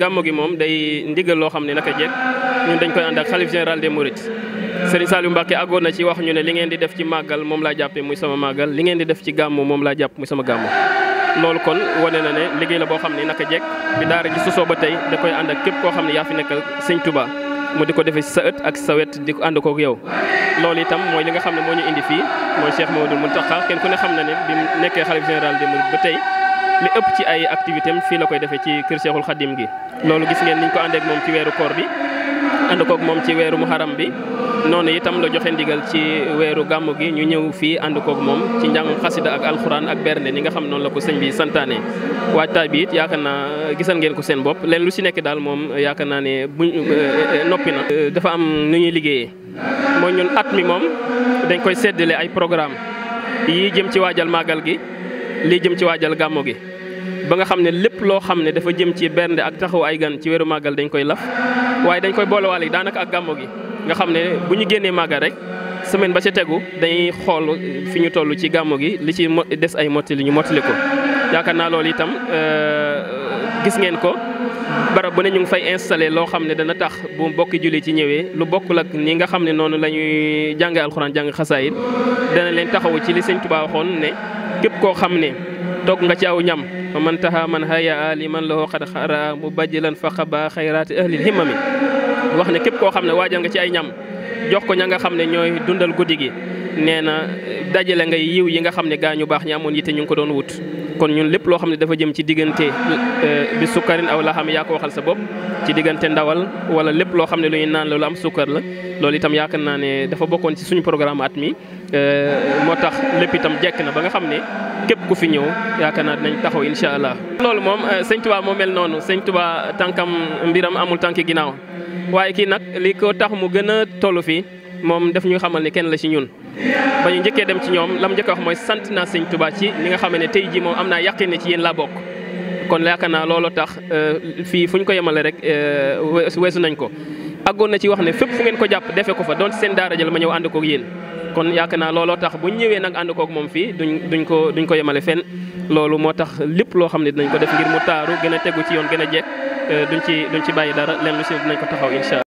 gàmmu gi moom day ndigal loo xam ne naka jekk ñun dañ koy ànd ak xalif général des Mourides Serigne Saliou Mbacké àggoon na ci wax ñu ne li ngeen di def ci màggal moom laa jàpp muy sama gàmmu loolu kon wane na ne liggéey la boo xam ne naka jekk bi daara ji sosoo ba tey da koy ànd ak képp koo xam ne yaa fi nekkal sëñ Touba mu di ko defee si sa ët ak sa wet di ko ànd kook yow loolu itam mooy li nga xam ne moo ñu indi fii mooy Cheikh Mamadou Mountakha kenn ku ne xam li ëpp ci ay activité am fii la koy defee ci kër Cheikhul Khadim gi loolu gis ngeen niñ ko àndeek moom ci weeru koor bi ànd kook moom ci weeru muharam bi noonu itam la joxe ndigal ci weeru gàmmu gi ñu ñëw fii ànd kook moom ci njàngum xasida ak alxuraan ak bernde ni nga xam noonu la ko sëñ bi santaane waajtaay bi it yaakaar naa gisal ngeen ko seen bopp leen lu si nekk daal moom yaakaar naa ne buñ eh, noppi na dafa am nu ñuy liggéeyee moo ñun at mi moom dañ koy séddale ay programme yii jëm ci waajal màggal gi lii jëm ci waajal gàmmu gi ba nga xam ne lépp loo xam ne dafa jëm ci bernde ak taxaw ay gan ci weeru màggal dañ koy laf waaye dañ koy boolewaale daanaka ak gàmmo gi nga xam ne bu ñu génnee màggal rek semaine ba ca tegu dañuy xool fi ñu toll ci gàmmo gi li ci des ay mottali ñu mottali ko yaakaar naa loolu itam euh, gis ngeen ko barab bu ne ñu ngi fay installé loo xam ne dana tax bu mbokki julli ci ñëwee lu bokkul ak ni nga xam ne noonu la ñuy jàngee alxuraan jàng xasaayit dana leen taxawu ci li sëñ Tuubaa ne képp koo xam ne dog nga ci aw ñam fa man taxa man haya ali man lahu qad xara mu bajjilan fa xaba xayraati ahlil himmami wax ne képp koo xam ne waajal nga ci ay ñam jox ko ña nga xam ne ñooy dundal guddi gi nee na dajale nga yiw yi nga xam ne gaa ñu baax ñaamoon amoon te ñu ngi ko doon wut kon ñun lépp loo xam ne dafa jëm ci diggante euh, bi sukkarin aw laa xam yaa ko waxal sa bopp ci diggante ndawal wala lépp loo xam ne lu ñuy naan la lu am suukar la loolu itam yaakaar naa ne dafa bokkoon ci suñu programme at mi euh, moo tax lépp itam jekk na ba nga xam ne képp ku fi ñëw yaakaar naa nañ taxaw incha allah. loolu moom euh, sëñ Tuba moo mel noonu sëñ Tuba tànkam mbiram amul tànki ginnaaw waaye kii nag li ko tax mu gën a toll fii moom daf ñu xamal ni kenn la ci ñun ba ñu njëkkee dem ci ñoom lam njëkk wax mooy sant naa sëñ Touba ci li nga xam ne tey jii moom am naa yàqin ne ci yéen la bokk kon yaakaar naa looloo tax euh, fii fu ko yemale rek euh, weesu nañ ko àggoon na ci wax ne fépp fu ngeen ko jàpp defee ko fa doon seen daara jël ma ñëw yéen kon yaakaar naa looloo tax bu ñëwee nag ànd koog moom fii duñ duñ ko duñ ko yemale fenn loolu moo tax lépp loo xam ne dinañ ko def ngir mu taaru gën a tegu ci yoon gën a jekk euh, duñ ci duñ ci bàyyi dara lenn lu si dinañ ko taxaw incha